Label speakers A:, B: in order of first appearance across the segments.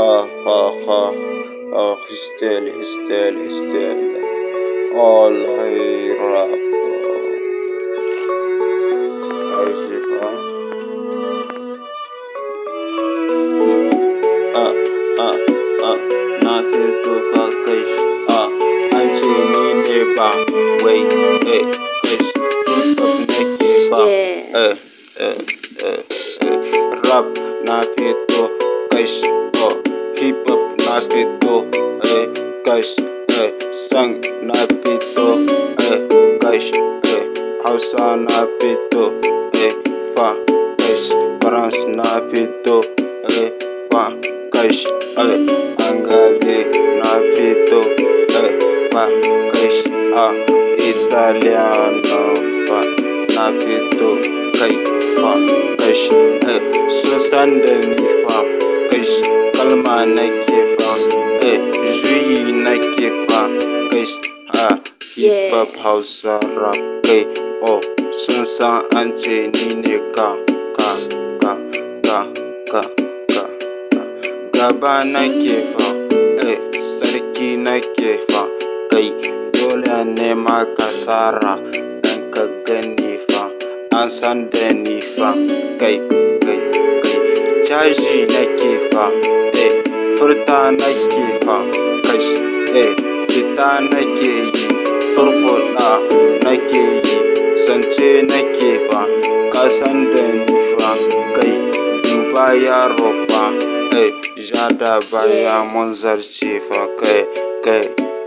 A: آه آه يستاهل يستاهل يستاهل الله رب عجبا آه آه آه nothing to focus آه أنت نينبا وي إيه كش نينبا إيه إيه إيه رب nothing to focus Keep up, napito eh guys eh sang napito eh guys eh hausa napito eh fa guys france napito eh fa guys eh angali napito eh fa guys ah italiano fa napito kai fa guys eh so standing ba nake ba eh juyi a hip hop hausa a kai oh san an ce ni ne ka ka ka ka ka ka gaba nake fa eh sarki nake fa kai dole ne ma kasara tsara ka gani fa an san da ni fa kai kai kai fa eh furta nake fa kashi eh fita nake yi furfuɗa nake yi zance nake fa kasan da ni fa kai duba yaro fa eh ja da baya mun zarce fa kai kai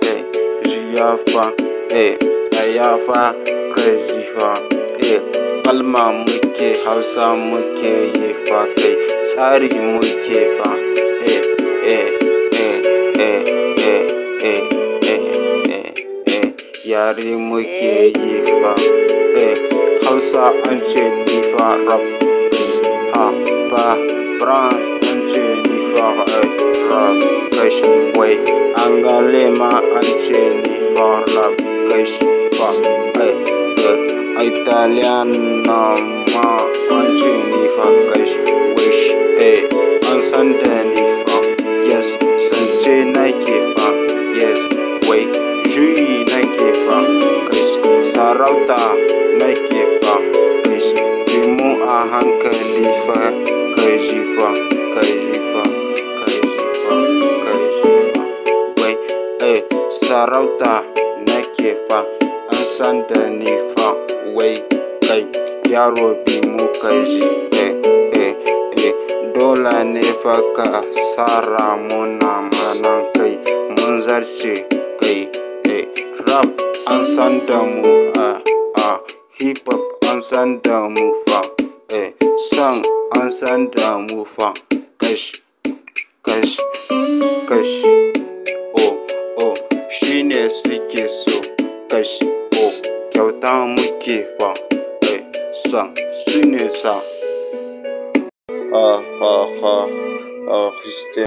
A: kai riya fa eh aya fa kai fa eh kalma muke hausa muke yi fa kai tsari muke fa yari muke yi e? Eh, hausa an ce rap ha ba bran an ce ni fa rap eh, kashin wai an ga lema an ce ni fa rap kashin fa eh eh italian na ma an ce ni wish e. Eh, an san da yes san ce na farauta nake fa bi mu a hankali fa kai ji fa kai ji fa kai ji fa kai ji fa eh, sarauta nake fa an san da fa wai kai yaro bi mu e ji e eh eh dole ne fa ka sara muna manan kai mun zarce kai eh rap an san mu hip hop ensemble dans Eh, sang ensemble dans Cash, cash, cash. Oh, oh, shi ne suke so. Cash, oh, kyauta muke fa. Eh, sang, su ça, sa. Ah, ah, ah, ah, Christian.